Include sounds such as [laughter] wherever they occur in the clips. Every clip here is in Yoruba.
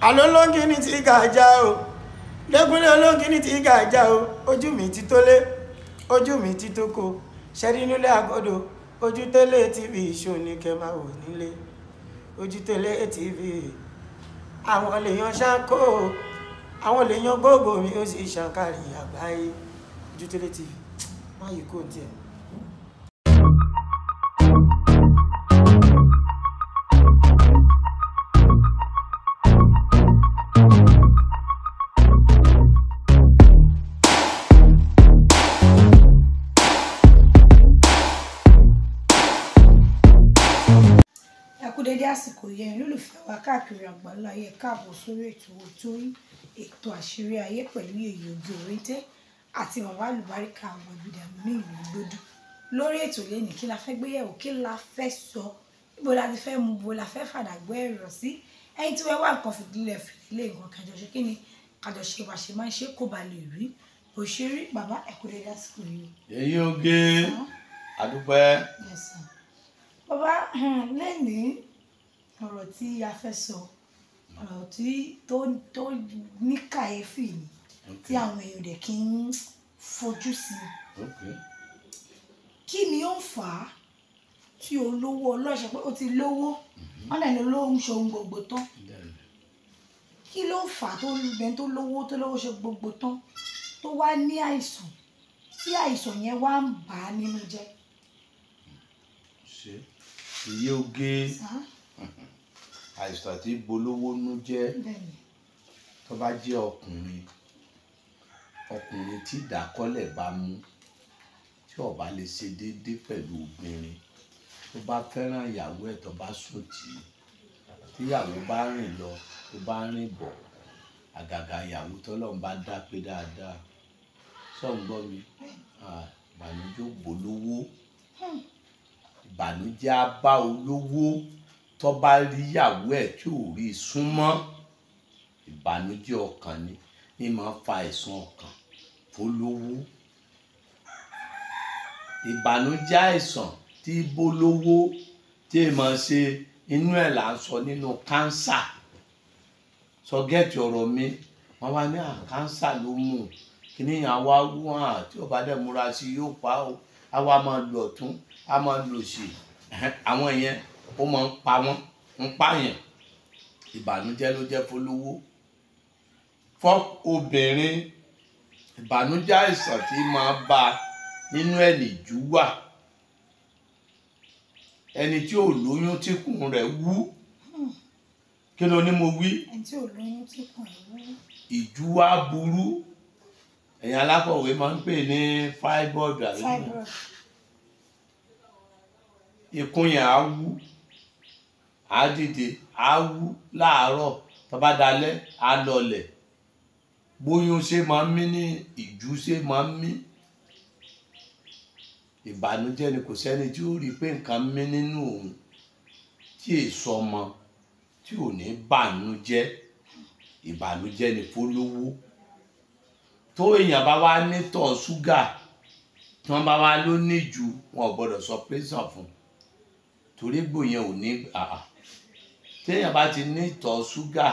àlọ́ lóńgì ní ti gàjà o lẹ́gúnlé olóńgì ní ti gàjà o ojú mi ti tólé ojú mi ti tóko ṣẹ́rí nílé àgọ́dọ̀ ojú télé tv ìṣòní kẹ́ máa wò nílé ojú télé tv àwọn lèèyàn ṣáńkó àwọn lèèyàn gbogbo mi ó sì ṣàǹkàrí àgbáyé ojú télé tv má yìí kò tiẹ̀. àsìkò yẹn lólùfẹ́ wa káàkiri àgbáńlá ayé káàbọ̀ sórí ètò Òtóyìn ètò àṣírí ayé pẹ̀lú èyí ojú òrété àti màmá àlùbáríkà àwọn ìbílẹ̀ ní ìlú gbódú lórí ètò lẹ́nìí kí la fẹ́ gbéyẹ̀wò kí la fẹ́ sọ ibo la ti fẹ́ mu bo la fẹ́ fàdàgbẹ́ ẹ̀rọ sí ẹni tí wọ́n wà nǹkan fìdílẹ̀ fìdílé nǹkan kájọ ṣe kí ni kájọ ṣe bá ṣe máa ń ṣe kó ba lè rí bó bàbá ẹ̀kú dédé yìí. èyí oge adúpẹ́. bàbá hmm, lẹ́nìí ọ̀rọ̀ tí a fẹ́ sọ ọ̀rọ̀ tí tó tó ní kàyéfì ni tí àwọn èèyàn dẹ̀ kí ń fojú sí kí ni ó ń fà á tí olówó ọlọ́ṣẹ́ pé ó ti lówó mhm. wọ́n dẹ̀ ní olówó ń ṣe ohun gbogbo tán kí ló ń fà á tó lùbẹ́ tó lówó tó lówó ṣe gbogbo tán tó wá ní àìsàn tí àìsàn yẹn wá ń bà á nínú jẹ́. ṣe iye oge. Sa? àìsàn tí bolówó nú jẹ́ tó bá jẹ́ ọkùnrin ọkùnrin tí ìdákọ́lẹ̀ bá mú tí ó bá lè ṣe déédéé pẹ̀lú obìnrin tó bá fẹ́ràn ìyàwó ẹ̀ tó bá sùn tì í tíyàwó bá rìn lọ tó bá rìn bọ̀ àgàgà ìyàwó tọ́lọ́run bá dá pé dáadáa sọ̀n mi ah, ìbànújẹ́ bolówó hmm. ìbànújẹ́ á olówó tó bá rí ìyàwó ẹ̀ tí ò rí súnmọ́ ìbànújẹ́ ọkàn ni ní máa fa àìsàn ọkàn fólówó ìbànújẹ́ àìsàn tí bólówó tí è máa ṣe inú ẹ̀ là ń sọ nínú kánsà sọ gẹ́ẹ̀tì ọ̀rọ̀ mi wọ́n wá ní àkánsà ló mú un kìíní yẹn àwa wọ́n à tí ọba dẹ̀ múra sí yóò pa á àwa máa lò ọ̀tún a máa lò sí àwọn yẹn ó máa ń pa wọ́n ń pààyàn ìbànújẹ́ ló jẹ́ fólówó fọ́ obìnrin ìbànújẹ́ àìsàn tí máa bá nínú ẹ̀nìjú wà ẹni tí ò lóyún tíkùn rẹ̀ wú kí ló ní mo wí ìjú wa burú ẹ̀yin alákọ̀wé máa ń pè ní fibroid àlùmọ́ ìkúnyà á wú a dìde a wú láàárọ̀ tó bá dalẹ́ á lọlẹ̀ bóyún ṣe máa ń mí ní ìjú ṣe máa ń mí ìbànújẹ́ ni kò sẹ́ni tí ó rí i pé nǹkan mí nínú òun tí èso ọmọ tí ò ní bànújẹ́ ìbànújẹ́ ni fólówó tó èèyàn bá wá nítọ̀ ṣúgà tí wọ́n bá wá ló ní jù wọn ò sọ pé sàn fún torí gbòyàn ò ní àà téèyàn bá ti ní ìtọ̀ ṣúgà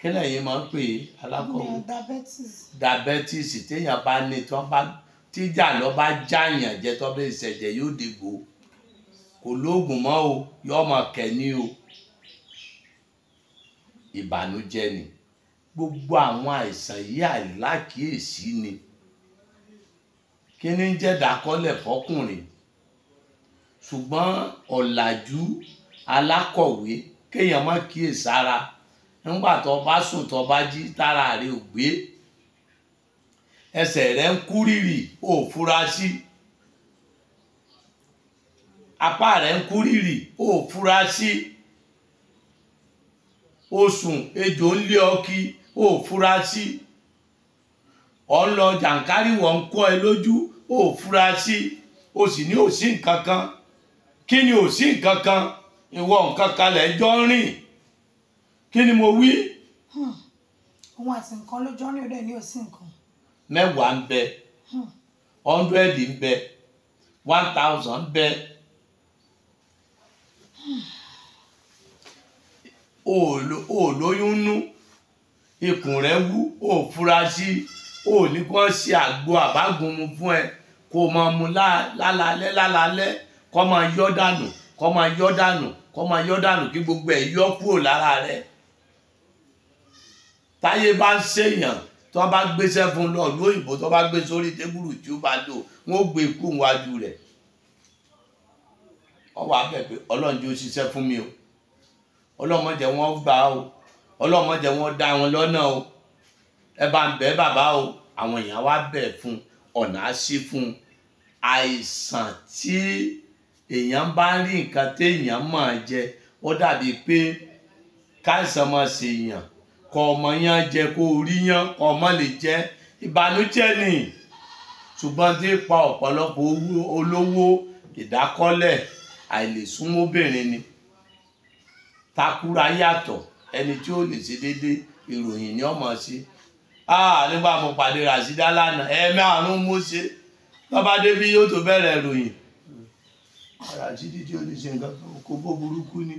kílẹ̀ yìí máa ń pè é alákọ̀wé diabetes téèyàn bá ní tí wọ́n bá tíjà lọ bá jáàyàn jẹ tó bẹ́ẹ̀ ṣẹ̀jẹ̀ yóò dìgbò kò lóògùn mọ́ o yóò máa kẹ́ni o ìbànújẹ́ ni gbogbo àwọn àìsàn yìí àìlákìíyèsí ni kí jẹ́ dákọ́lẹ̀ fọkùnrin ṣùgbọ́n ọ̀làjú alákọ̀wé kéèyàn má kíyèsára nígbà tó bá sùn tó bá jí tára rẹ ò gbé ẹsẹ̀ rẹ ń kú rírì ò fura sí apá rẹ ń kú rírì ò fura sí o sùn ejò ń lé ọ kí ò fura sí ọ ń lọ jàǹkáríwọ̀ ń kọ́ ẹ lójú ò fura sí o sì ní ò sí kí ni ò sí ìwọ nǹkan kalẹ̀ jọ ń rìn kí ni mo wí. Hmm. òun àti nǹkan ló jọ ní òde ní òsì nǹkan. mẹ́wàá ń bẹ hmm. hundred ń bẹ one thousand ń bẹ. Hmm. o lóyún nú ikùn rẹ wú o fura sí o ní kí wọ́n ṣe àgbo àbágunmu fún ẹ kó o máa mu lálalẹ́ lálalẹ́ kó o máa yọ́ dànù kó o máa yọ́ dànù kó máa yọ dànù kí gbogbo ẹ̀ yọ kúrò lára rẹ̀ táyé bá ń ṣèyàn tó bá gbéṣẹ́ fún lọ lóyìnbó tó bá gbé sórí tébùrù tí ó bá lò wọn ó gbé e kú wájú rẹ̀ ọwọ́ abẹ́ pé ọlọ́run jẹ́ ó ṣiṣẹ́ fún mi o ọlọ́run má jẹ́ wọ́n gbà o ọlọ́run má jẹ́ wọ́n dá wọn lọ́nà o ẹ bá ń bẹ́ bàbá o àwọn èèyàn wá bẹ̀ fún ọ̀nà á ṣí fún àìsàn tí èèyàn bá ń rí nǹkan téèyàn máa jẹ ó dàbí pé káìsàn máa ṣèyàn kọ ọmọ yẹn jẹ kó rí yẹn kọ ọmọ lè jẹ ìbànújẹ́ ni ṣùgbọ́n tí pa ọ̀pọ̀lọpọ̀ olówó ìdákọ́lẹ̀ àìlèsúnmọ́bìnrin ni takura yàtọ̀ ẹni tí ó lè ṣe déédéé ìròyìn ni ọmọ sí ah nígbà mo pàdé Rasida lánàá ẹ̀ẹ́mẹ́ àrùn mo ṣe lọ́ba débi yóò tó bẹ̀rẹ̀ ìròyìn ara tí dídí oníṣe nǹkan kó bó burúkú ni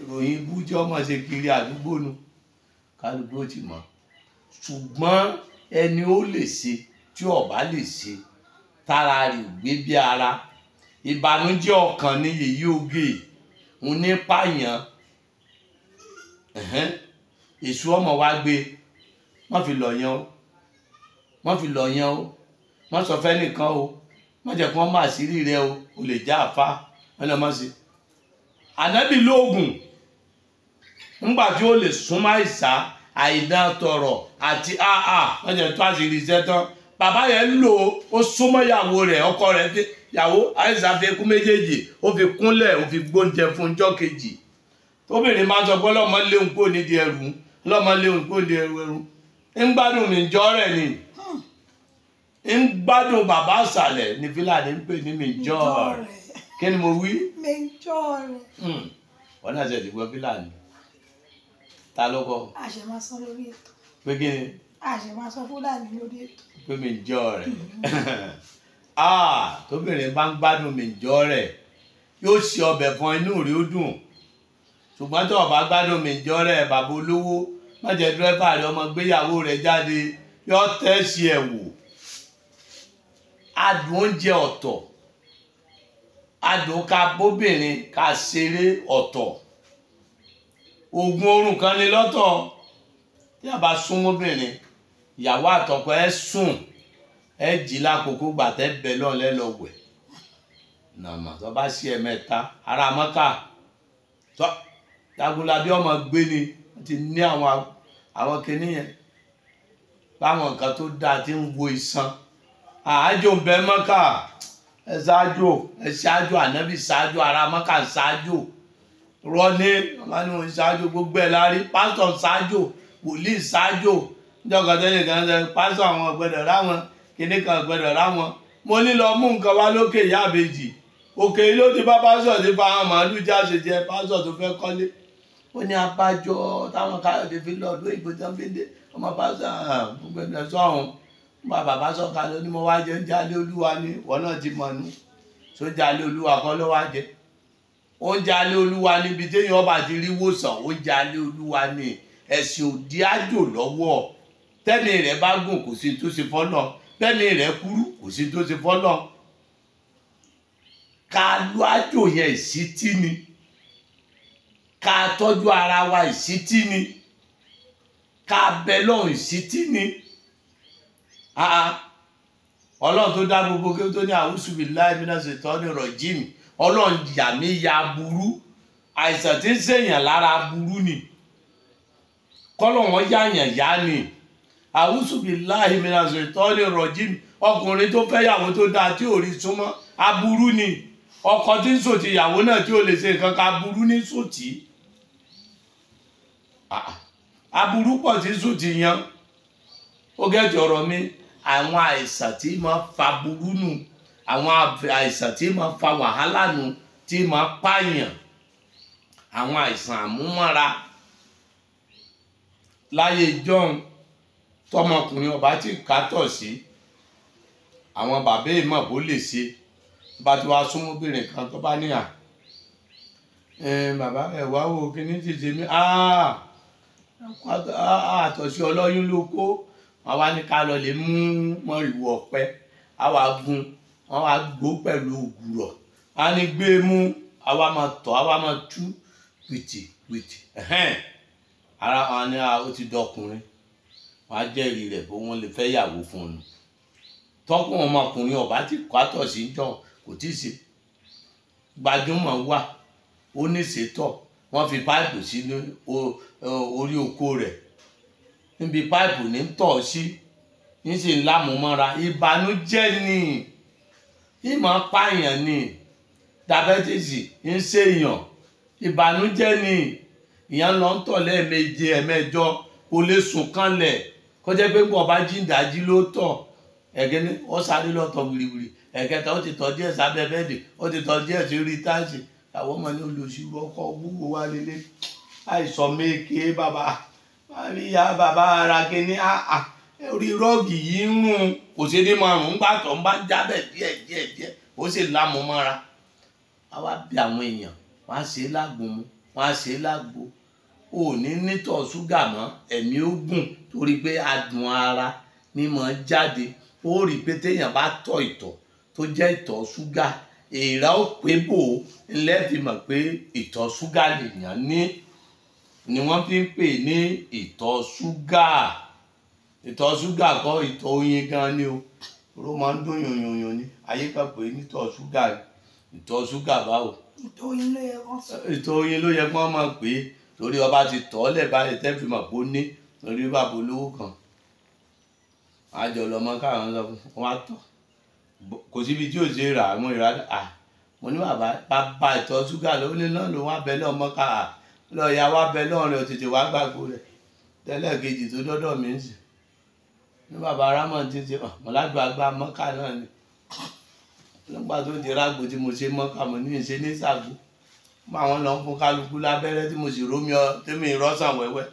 ìròyìn ibú tí ọmọ ṣe kiri àdúgbò nu kálukú ó ti mọ ṣùgbọ́n ẹni ó lè ṣe tí ọba lè ṣe tára rè gbé bí ara ìbànújẹ́ ọkàn ni yèyí oge mo ní pààyàn èṣù ọmọ wa gbé wọn fi lọ yan o wọn fi lọ yan o wọn sọ fẹ́ nìkan o. má jẹ́ kí wọ́n má sí rẹ o ò lè já àfa ẹnlẹ́ má sí. ànábì lóògùn ńgbà tí ó lè súnmọ́ ìsá àìdá tọrọ àti àà má tó àṣírí iṣẹ́ tán bàbá yẹn lò ó súnmọ́ ìyàwó ọkọ rẹ̀ fi fi kún méjèèjì ó fi kúnlẹ̀ ó fi gbóúnjẹ fún ọjọ́ kejì máa ń sọ pé ọlọ́mọ léwu ẹrù ọlọ́mọ ń gbádùn bàbá àṣàlẹ̀ ní fúlàní ń pè ní mẹjọ́ rẹ̀ kí ni mo wí. mẹjọ́ rẹ̀. Hmm. wọn náà ṣe ti gbọ́ fúlàní ta ló kọ. àṣẹ máa sọ lórí ètò. pé kí ni. àṣẹ máa sọ fúlàní lórí ètò. pé mẹjọ́ rẹ̀ hmm. [laughs] ah, tóbìnrin bá ń gbádùn mẹjọ́ rẹ̀ yóò ṣe ọbẹ̀ fún inú rẹ̀ ó dùn ṣùgbọ́n tó o bá gbádùn mẹjọ́ rẹ̀ bàbá olówó má jẹ́ dírẹ́fà ọmọ gbéyàwó rẹ̀ jáde yóò tẹ́ sí ẹ̀ adùn oúnjẹ ọ̀tọ̀ adùn ká bóbìnrin ká ṣeré ọ̀tọ̀ oògùn oorun kan ní lọ́tọ̀ tí a bá sún mọ́bìnrin ìyàwó àtọkọ ẹ sùn ẹ jí lákòókò gbàtẹ bẹ lọ́n lẹ́lọ́wẹ̀ nàmà tó bá sí ẹ̀mẹ́ta ara mọ́ta tó Jagunlabi ọmọ gbé ni wọ́n ti ní àwọn àwọn kinní báwọn nǹkan tó dáa ti ń wo iṣan. àájò bẹ mọ́kà ẹ ṣáájò ẹ ṣáájò ànábì ṣáájò ará mọ́kà ṣáájò rọ́ní ọmọnìwọ̀n ṣáájò gbogbo lárí wòlíì kan àwọn ráwọn kan ráwọn mo ní lọ mú nǹkan wá lókè ìyá àbèjì òkè ló ti bá ti fa àwọn màálù jáde jẹ tó ó ní táwọn káyọ̀dé fi lọ lóyìnbó fi dé ọmọ nígbà bàbá sọ̀ka ló ní mo wá jẹ ń jalè olúwa ni wọn náà ti mọ̀ nù tó jalè olúwa kọ́ ló wá jẹ ó jalè olúwa níbi téèyàn ọba ti rí wòsàn ó jalè olúwa ni ẹ̀sìn òdi àjò lọ́wọ́ tẹ́mi rẹ̀ bá gùn kò sí tó ṣe fọ́nà tẹ́mi rẹ̀ kúrú kò sí tó ṣe fọ́nà ká lu àjò yẹn ìsítí ni ká tọ́jú ara wa ìsítí ni ká bẹ lọ́hùn ìsítí ni. Ah, ah. ọlọ́run tó dá gbogbo kí tó ní àwùsù bíi láì bí náà ṣe tọ́ ní ọ̀rọ̀ jíìmù ọlọ́run yà mí ya burú àìsàn tí ń ṣèyàn lára burú ni kọ́lọ̀ wọn yàyàn yá ni àwùsù bíi láì bí náà ṣe tọ́ ní ọ̀rọ̀ jíìmù ọkùnrin tó fẹ́ yàwó tó dáa tí ò rí súnmọ́ aburú ni ọkọ tí ń sòtì ìyàwó náà tí ò lè ṣe nǹkan kan aburú ní sòtì aburú ah, pọ̀ tí ń sòtì yan ó gẹ̀ẹ́jọ̀rọ̀ mi àwọn àìsàn tí máa fa burú nù àwọn àìsàn tí máa fa wàhálà nù tí máa pààyàn àwọn àìsàn àmúmọ́ra láyé john tọmọkùnrin ọba tí kàtọ̀ sí àwọn bàbá ìmọ̀ bó lè ṣe bá ti wá súnmọ́ obìnrin kan tó bá níyà bàbá ẹ̀ wá wo kíní ti ṣe mí àtọ̀sí ọlọ́yún ló kó wọ́n wá ní ká lọ lè mú mọ́rìwò ọ̀pẹ àwa gun wọ́n wá gbó pẹ̀lú ògùrọ̀ a ní gbé e mú àwa máa tọ̀ àwa máa tú pìtì pìtì ara wọn ni ó ti dọkùnrin wọn á jẹ́rìí rẹ̀ bó wọ́n lè fẹ́ yàwó fún un tọkùn ọmọkùnrin ọba ti kọ́tọ̀ sí jọ kò tí ì ṣe gbajúmọ̀ wà ó ní ṣètọ̀ wọ́n fi páìpù sí orí oko rẹ̀ níbi páìpù ní tọ̀ sí ní sì ń lámúmọ́ra ìbànújẹ́ ni ìmọ̀ pààyàn ni dàbẹ́tìsì ń ṣèyàn ìbànújẹ́ ni ìyẹn lọ ń tọ̀ lẹ́ẹ̀meje ẹ̀mẹjọ kò lè sùn kanlẹ̀ kọjá pé bọ̀ bá jí ìdájí ló tọ̀ ẹ̀gẹ́ ni ó sáré lọ́tọ̀ wìrìwìrì ẹ̀kẹta ó ti tọ̀ díẹ̀ sábẹ́ bẹ́ẹ̀dì ó ti tọ̀ díẹ̀ sí orí táàsì àwọn ọmọ ní olùsirò ọkọ̀ wúwo wá lélẹ̀ àìsàn méèké bàbá àríyá bàbá ara kìíní àà orí rọ́ọ̀gì yìí ń rún kò sí ní márùn-ún gbà tó ń bá jábẹ̀ díẹ̀ díẹ̀ díẹ̀ ó sì lámú mọ́ra a wá bí àwọn èèyàn wọ́n á ṣe é lágùn mu wọ́n á ṣe é lágbo ò ní nítọ̀ ṣúgà mọ́ ẹ̀mí ó gùn torí pé adùn ara ni mọ̀ ń jáde ó rí i pé téèyàn bá tọ̀ ìtọ̀ tó jẹ́ ìtọ̀ ṣúgà èèrà ó pé bò ó ńlẹ́ fi mọ̀ pé ìtọ̀ ṣúgà lèèyàn ní ni wọ́n fi ń pè ní ìtọ̀ ṣúgà ìtọ̀ ṣúgà kọ́ ìtọ̀ oyin gan ni o oró máa ń dún yòyòyò ni ayé kan pè é nítọ̀ ṣúgà ìtọ̀ ṣúgà báwo. ìtọ̀ oyin ló yẹ kán sọ. ìtọ̀ oyin ló yẹ kán máa pè é torí ọba ti tọ̀ ọ́ lẹ̀ báyìí tẹ́ fi mọ̀ pé ó ní torí bàbá olówó kan àjọ lọmọ káwọn sọ fún wa tọ̀ kò síbi tí ò ṣe rà á mú ìrà à mo ní bàbá bàbá ìtọ̀ ṣúgà ló náà ló wá bẹ́ẹ̀ lọ́mọ káà lọ́ọ̀yà wa bẹ lọ́rùn rẹ̀ òtètè wá gbàgbó rẹ̀ tẹ́lẹ̀ kejì tó dọ́dọ̀ mí sí ní bàbá ramon ti ṣe ah, mọ̀lájú àgbà mọ́kà náà ni nígbà tó di rágbó tí mo ṣe mọ́kà mo ní ìṣe ní sàgbó àwọn lọ ń fún kálukú lábẹ́rẹ́ tí mo sì rómi ọ tí mi rọ́sàn wẹ́wẹ́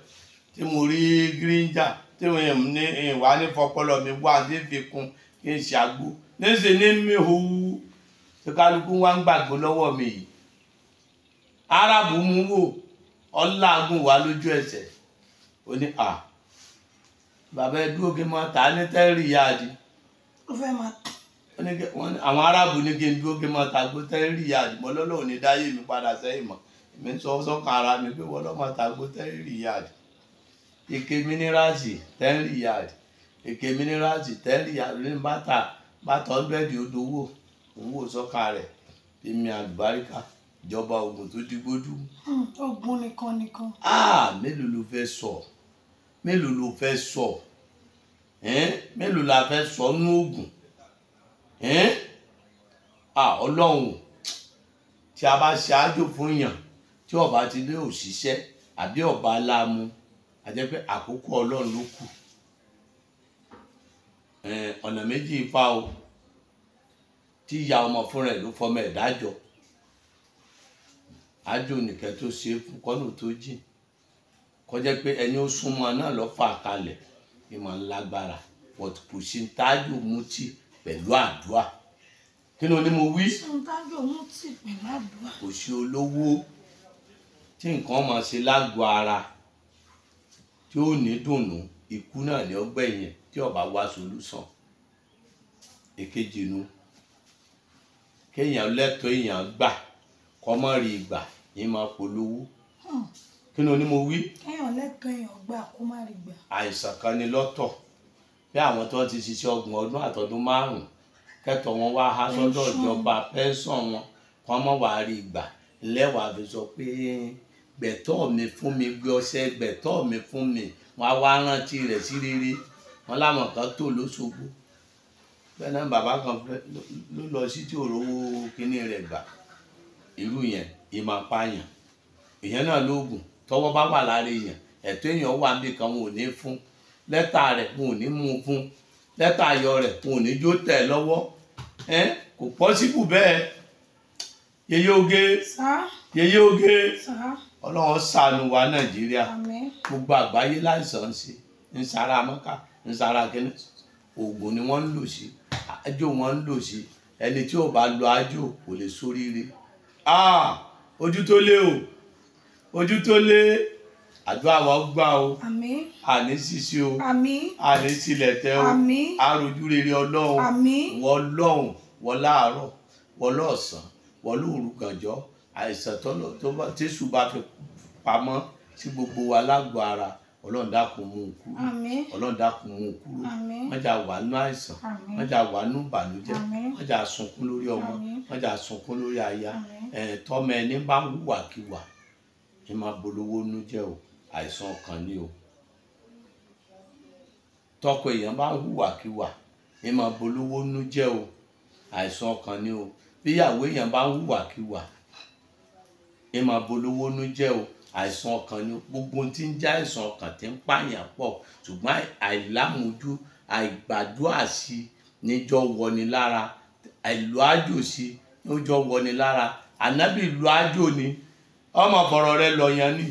tí mo rí gíríńjà tí mo ní ìwà ní fọpọlọ mi wá tí fi kun kí n ṣàgbó níṣẹ́ ní mi hùwù tí kálukú wá ń gbàgbó lọ́wọ́ mi yìí arábù wò ọlágùn wá lójú ẹsẹ̀ ó ní à bàbá ẹ dúró kí n máa tà á ní tẹ́rì yáàdì àwọn arábù ní kí n dúró kí n máa tà gbó tẹ́rì yáàdì mọ́ lọ́lọ́ òní dáyé mi padà sẹ́yìn mọ́ èmi ń sọ sọ́kàn ara mi pé wọ́n lọ́ máa tà gbó tẹ́rì yáàdì ike mínírààsì tẹ́rì yáàdì ike mínírààsì tẹ́rì yáàdì ní bàtà bàtà ọ̀gbẹ́dì odò wò òun wò sọ́kàn rẹ̀ èmi àlùbáríkà ìjọba ogun tó digbódú. ogun hmm, nìkan nìkan. aa ah, mélòó ló fẹ́ sọ mélòó ló fẹ́ sọ mélòó la fẹ́ sọ nú ogun ah, ọlọ́run tí a bá ṣe àjò fún yàn tí ọba ti lé òṣìṣẹ́ àbí ọba aláàmú àjẹpẹ́ àkókò ọlọ́run ló kù ọ̀nà méjì ifá o tí ìyá ọmọ fúnra ẹ̀ ló fọmọ ẹ̀ dájọ́ àjò nìkẹ́ tó ṣe é fún kọ́nù tó jìn kọjá pé ẹni ó súnmọ́ náà lọ́ fà kalẹ̀ ìmọ̀ ńlágbára but kò sí tájò mutí pẹ̀lú àdúrà kí ló ní mo wí. tájò mutí pẹ̀lú àdúrà. kò sí olówó tí nǹkan máa ṣe lágbo ara tí ó ní dùnnú ikú náà ní ọgbẹ̀yìn tí ọba wá solúsàn èkejì nu kéèyàn lẹ́tọ̀ọ́ èèyàn gbà kọ́mọ́ rí ìgbà yín máa polówó hmm. kí ni onímọ̀ wí. ẹyàn lẹ́kan èèyàn gbà kó má rí gbà. àìsàn kan ni lọ́tọ̀ bí àwọn tó ti ṣiṣẹ́ ọgbọ̀n ọdún àtọdún márùn-ún kẹ́tọ̀ wọn wá há sọ́dọ̀ ìjọba pẹ́ńsọ̀n wọn kọ́ mọ́ wàá rí gbà lẹ́wàá fi sọ pé gbẹ̀tọ́ mi fún mi gbé ọṣẹ gbẹ̀tọ́ mi fún mi wọn á wá rántí rẹ̀ sí rere wọn láwọn kan tó lóṣogbo bẹ́ẹ̀ náà bàbá kan ló lọ sí tí òróró kinní rẹ̀ gbà irú yẹn ìmọ̀ apáyàn èèyàn náà lóògùn tọwọ́ bá wà lára èèyàn ẹ̀tọ́ èèyàn wà níbi kan wọn ò ní fún lẹ́tà rẹ̀ wọn ò ní mú un fún lẹ́tà ayọ̀ rẹ̀ wọn ò ní jó tẹ̀ lọ́wọ́ ẹ́ kò pọ́sibù bẹ́ẹ̀ yeye oge yeye oge ọlọ́run ṣàánú wa nàìjíríà gbogbo àgbáyé láìsàn ń ṣe ń sara amọ́ka ń sara kẹ́lẹ́ oògùn ni wọ́n ń lò sí àjò wọ́n ń lò sí ẹni tí ò bá lo àjò kò lè sóríire ah ojú tó lé o ojú tó lé àdúrà wa gbà o àmín àní ṣíṣe o àmín àní ṣílẹ̀ tẹ o àmín àròjú rere ọlọ́run àmín wọ ọlọ́run wọ láàárọ̀ wọ lọ́ọ̀sán wọ lóòrù gànjọ́ àìsàn tó bá tẹ̀sù fi pamọ́ sí gbogbo wa lágbo ara ọlọ́run dákun mú un kúrò ọlọ́run dákun mú un kúrò wọ́n jà wà nú àìsàn wọ́n jà wà nú ìbànújẹ́ wọ́n jà sunkún lórí ọmọ wọ́n jà sunkún lórí aya tọ́mọ ẹni bá ń wùwàkiwà ẹ máa bolówó nú jẹ́ o àìsàn ọkàn ni o tọkọ èèyàn bá ń hùwàkiwà ẹ máa bolówó nú jẹ́ o àìsàn ọkàn ni o bíyàwó èèyàn bá ń hùwàkiwà ẹ máa bolówó nú jẹ́ o àìsàn ọkàn ni gbogbo tí ń já àìsàn ọkàn tí ń pààyàn pọ̀ ṣùgbọ́n àìlámojú àìgbàdúrà sí níjọ́ wọni lára àìlú àjò sí níjọ́ wọni lára ànábì ìlú àjò ni ọmọ bọ̀rọ̀ rẹ lọ́yàn ni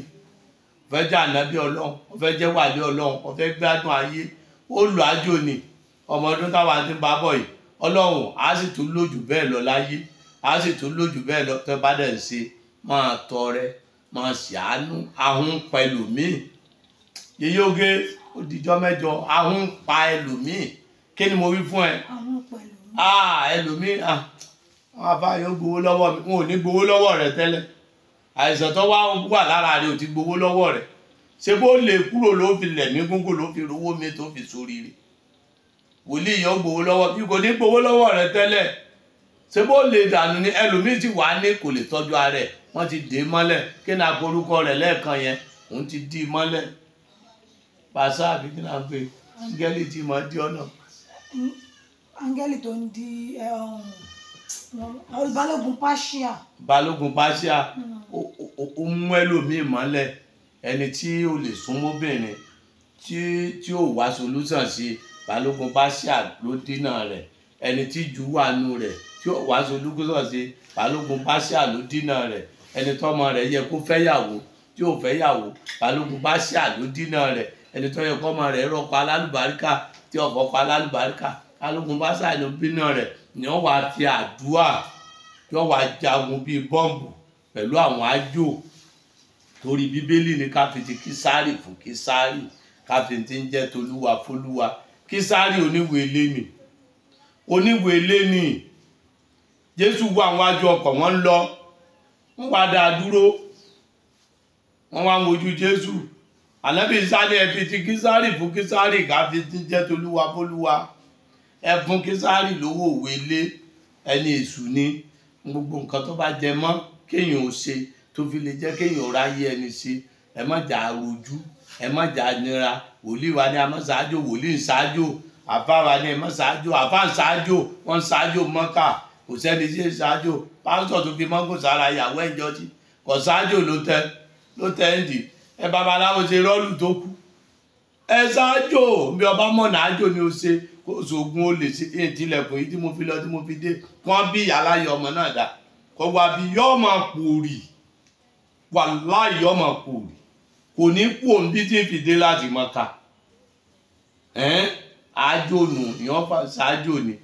ọ̀fẹ́ jẹ́ ànábì ọlọ́run ọ̀fẹ́ jẹ́ wàlẹ́ ọlọ́run ọ̀fẹ́ gbádùn ayé ó lù àjò ni ọmọ ọdún táwọn ti ń bá bọ̀ yìí ọlọ́run á sì tún lójú bẹ́ẹ̀ lọ láyé á sì tún lójú bẹ́ẹ̀ lọ tẹ́ bá dẹ̀ ṣe máa tọrẹ máa ṣàánú ahun pa ẹlòmíì yíyí oge ó dijọ́ mẹ́jọ ahun pa ẹlòmíì kí ni mo wí fún ẹ ẹlòmíì ah, ah, wọn afá yóò gbowó lọ́wọ́ mi wọn ò ní gbowó lọ́wọ́ rẹ tẹ́lẹ̀ àìsàn tó wá wà lára rẹ ò ti gbowó lọ́wọ́ rẹ ṣé bó lè kúrò ló fi lẹ̀mí gúngùn ló fi rówó mi tó fi sórí rẹ wòlíì yẹn gbowó lọ́wọ́ bí kò ní gbowó lọ́wọ́ rẹ tẹ́lẹ̀ ṣé bó lè dànù ni ẹlòmíì ti wà ní kò lè tọ́jú ara rẹ̀ wọ́n ti dè mọ́lẹ̀ kí ni àporúkọ rẹ̀ lẹ́ẹ̀kan yẹn òun ti dì mọ́lẹ̀ pàṣẹ àbí kí ni à ń pè áńgẹ́lì ti mọ̀ dí ọ̀nà. áńgẹ́lì tó ń di um, balógun pàṣíà. balógun pàṣíà hmm. ó mú ẹlòmíì mọ́lẹ̀ ẹni tí ó lè súnmọ́bìnrin tí tí wá solúsàn sí balógun pàṣíà ló dínà rẹ̀ ẹni tí jù wà nù rẹ̀ tí ò wá solúsàn sí balógun pàṣíà ló dínà rẹ̀ ẹni tọ́mọ rẹ̀ yẹ kó fẹ́yàwó tí ò fẹ́yàwó balógun bá ṣe àlódínà rẹ̀ ẹni tọ́ yẹ kọ́mọ rẹ̀ rọ́pò alálùbáríkà tí ọ̀pọ̀ pa alálùbáríkà balógun bá ṣàìlú bínà rẹ̀ ni wọ́n wá ti àdúrà tí wọ́n wá jagun bíi bọ́ǹbù pẹ̀lú àwọn ajo torí bíbélì ni ká fi ti kísárì fún kísárì ká fi ti ń jẹ́ tolúwa fólúwa kísárì oníwèélé ni oníwèélé ni jésù wà wájú ọkọ̀ wọn lọ wọ́n wá dáa dúró wọ́n wá wojú jésù ànábì sáré ẹ fi ti kísárì fún kísárì ká fi ti jẹ́ tolúwa fólúwa ẹ fún kísárì lówó òwe lé ẹni èṣù ni gbogbo nǹkan tó bá jẹ mọ́ kéèyàn ò ṣe tó fi lè jẹ́ kéèyàn ráyé ẹni ṣe ẹ má jà rojú ẹ má jà nira wòlíì wa ni a má ṣáájú wòlíì ń ṣáájú àfáà wa ni ẹ má ṣáájú àfáà ń ṣáájú wọ́n ń ṣáájú mọ́kà kò sẹ́ni sí ìṣáájò pásítọ̀ tó fi mọ́gùn sára ìyàwó ẹ̀jọ́ sí kò ṣáájò ló tẹ ló tẹ ń dì ẹ babaláwo ṣe rọ́ọ̀lù tó kú ẹ ṣáájò bí ọba mọ̀nà ájò ni o ṣe kó ṣoògùn olè sí ìtìlẹ̀kùn yìí tí mo fi lọ tí mo fi dé kí wọ́n bí ìyá láyé ọmọ náà dá kó wá bí yọ́ máa pòrì wà láyé máa pòrì kò ní kú òun bí tí fi dé láti Mọ́kà ájò nù ìyọ́n ṣáájò ni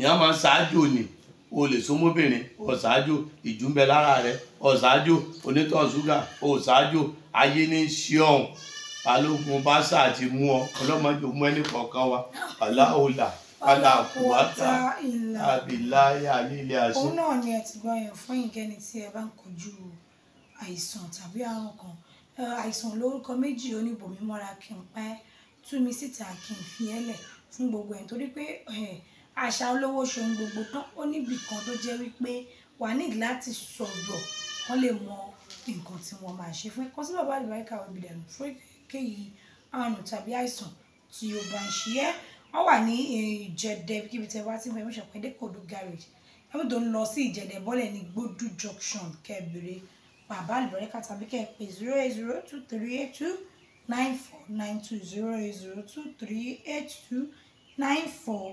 ìyọ́n máa ṣáájò ni o lè súnmọ́bìnrin ọ̀ṣáájú ìjúmbẹ lára rẹ ọ̀ṣáájú onítọ̀ ṣúgà ọ̀ṣáájú ayé ní ṣíọ̀n balógun báṣà ti mú ọ ọlọ́mọdé mú ẹni kọ̀ọ̀kan wa aláòlà alákùwátà abiláyà líle àṣẹ. òun náà ni ẹ ti gbọ́ yẹn fún ìkẹ́ni tí ẹ bá ń kojú àìsàn tàbí àrùn kan àìsàn lórúkọ méjì oníbòmímọ́ra kí n pẹ́ tú mi síta kí n fi ẹ́ lẹ̀ fún gbogbo ẹ̀ torí pé àṣà olówó ṣohun gbogbo tán ó níbì kan tó jẹ́ wípé wà ní láti sọ̀rọ̀ kán lè mọ nǹkan tí wọ́n máa ṣe fún ẹ kàn sí bàbá àlùbáríkà òbí dànù fún èkéyìí àrùn tàbí àìsàn tí o bá ń ṣe ẹ́ wọ́n wà ní ìjẹ̀dẹ̀ kíbi tẹ́ wá tí mo ṣe pé dékòdó garage ẹ̀mí tó ń lọ sí ìjẹ̀dẹ̀ bọ́lẹ̀ ní gbódú junction kẹ́bìrì bàbá àlùbáríkà tàbí kẹ́ ẹ pé zero eight zero two three eight two nine four nine two zero eight zero two three eight two nine four.